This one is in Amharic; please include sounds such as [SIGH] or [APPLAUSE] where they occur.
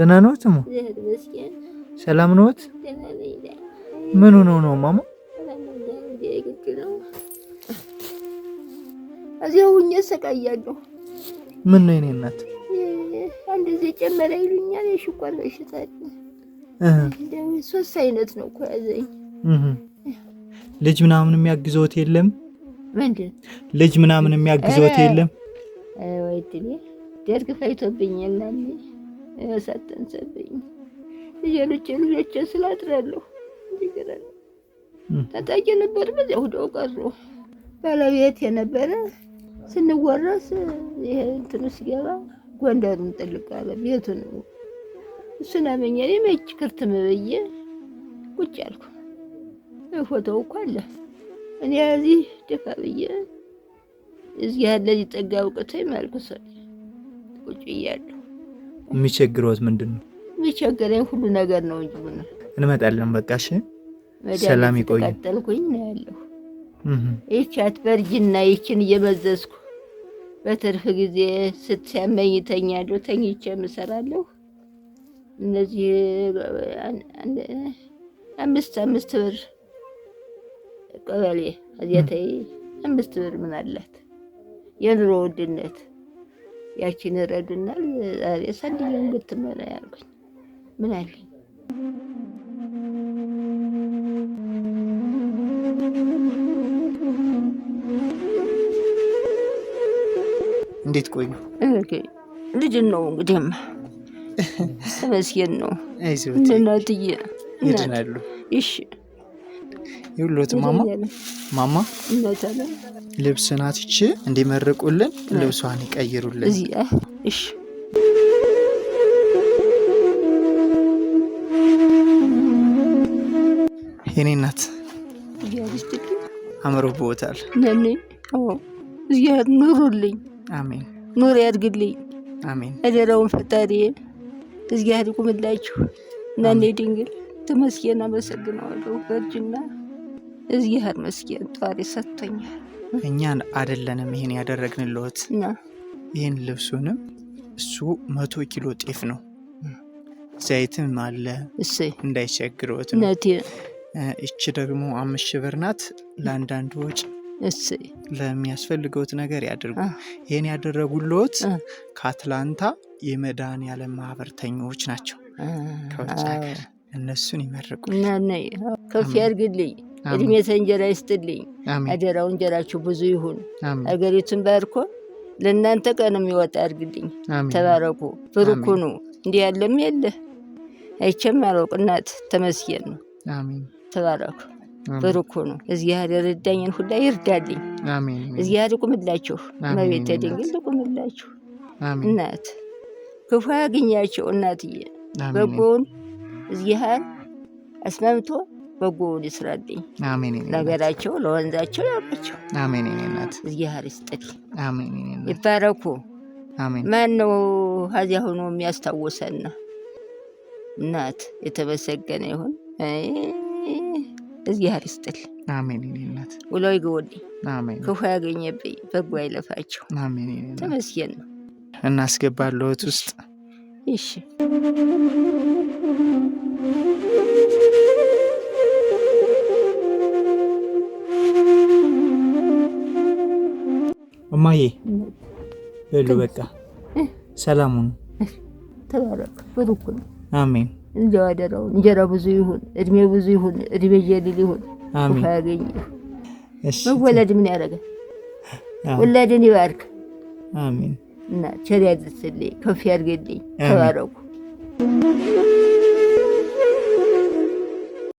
ደህና ነዎት? እሞ ሰላም ነዎት? ምን ሆነው ነው ማማ? እዚያው ሁኜ እሰቃያለሁ። ምን ነው የእኔ እናት? አንድ ጊዜ ጨመረ ይሉኛል። የሽኳር በሽታ ሶስት አይነት ነው እኮ ያዘኝ። ልጅ ምናምን የሚያግዘውት የለም? ምንድን ልጅ ምናምን የሚያግዘውት የለም? ወይ ድል ደርግ ፈይቶብኝ የለም ያሳጠንሰብኝ ልጆቼ ልጆች ስላጥራለሁ ይገራል ታጣቂ ነበር። በዚያ ሁዶ ቀሩ ባለቤት የነበረ ስንወረስ ይሄ እንትኑ ሲገባ ጎንደሩን ጥልቅ አለ ቤቱን እሱን አመኘ። መች ክርት ብዬ ቁጭ አልኩ። ፎቶው እኮ አለ። እኔ እዚህ ደፋ ብዬ እዚህ ያለ ሊጠጋ አውቅቶኝ ማልኩ ሰው ቁጭ ብያለሁ። የሚቸግረውት ምንድን ነው? የሚቸግረኝ ሁሉ ነገር ነው እንጂ እንመጣለን። በቃ እሺ፣ ሰላም ይቆይ። ቀጠልኩኝ ነው ያለሁ። ይቻት በእርጅና ይችን እየመዘዝኩ በትርፍ ጊዜ ስትሰመኝ ተኛለሁ፣ ተኝቼ የምሰራለሁ። እነዚህ አምስት አምስት ብር ቀበሌ እዚያ ተይ አምስት ብር ምን አላት የኑሮ ውድነት ያቺን ረዱናል ዛሬ ሰንድዬን ብትመራ ያልኩኝ ምን አለኝ እንዴት ቆዩ ልጅ ነው እንግዲህም [LAUGHS] ተመስገን ነው እናትዬ ይድናሉ እሺ ይሉት ማማ ማማ ልብስ ናት ይቺ። እንዲመርቁልን ልብሷን ይቀይሩልን። እሺ የኔ አምሮ አምሮብዎታል። እግዚአብሔር ኑሩልኝ። አሜን። ኑር ያድግልኝ። አሜን። እደረውን ፈጣሪ እግዚአብሔር ይቁምላችሁ እና ድንግል ተመስገን አመሰግነዋለሁ በእጅና እግዚአብሔር ይመስገን ጧሪ ሰጥቶኛል። እኛን አደለንም ይሄን ያደረግንልዎት። ይህን ልብሱንም እሱ መቶ ኪሎ ጤፍ ነው፣ ዘይትም አለ እንዳይቸግሮት ነው። እቺ ደግሞ አምስት ሺህ ብር ናት ለአንዳንድ ወጪ ለሚያስፈልገውት ነገር ያድርጉ። ይህን ያደረጉልዎት ከአትላንታ የመድኃኔዓለም ማህበርተኞች ናቸው። ከውጭ ሀገር እነሱን ይመርቁ። ከፍ ያድርግልኝ። እድሜተ እንጀራ ይስጥልኝ። አደራው እንጀራችሁ ብዙ ይሁን። አገሪቱን ባርኮ ለእናንተ ነው የሚወጣ አድርግልኝ። ተባረኩ፣ ብሩክ እንዲህ ያለም የለ አይቼም አላውቅ። እናት ተመስገን ነው። ተባረኩ፣ ብሩክ ሁኑ። እግዚአብሔር የረዳኝን ሁላ ይርዳልኝ። እግዚአብሔር ይቁምላችሁ። መቤት ድንግል ይቁምላችሁ። እናት ክፉ ያገኛቸው እናትዬ በጎውን እግዚአብሔር አስማምቶ በጎውን ይስራልኝ። ለሀገራቸው ለወንዛቸው ያብቃቸው። እግዚአብሔር ይስጥልኝ። ይባረኩ። ማን ነው ሀዚያ ሆኖ የሚያስታውሰና? እናት የተመሰገነ ይሁን። እግዚአብሔር ይስጥልኝ። ውሎ ይግቡልኝ። ክፉ ያገኘብኝ በጎ አይለፋቸው። ተመስገን ነው። እናስገባለሁት ውስጥ እሺ እማዬ በሉ በቃ ሰላም ሁኑ። ተባረክ በሩኩ አሜን። እንጀራ አደራው እንጀራ ብዙ ይሁን፣ እድሜ ብዙ ይሁን፣ እድሜ ጀሊል ይሁን። አሜን። ያገኝ መወለድ ምን ያደርጋል? ወላድን ይባርክ። አሜን። እና ቸር ያድርስልኝ፣ ከፍ ያድርግልኝ። ተባረኩ።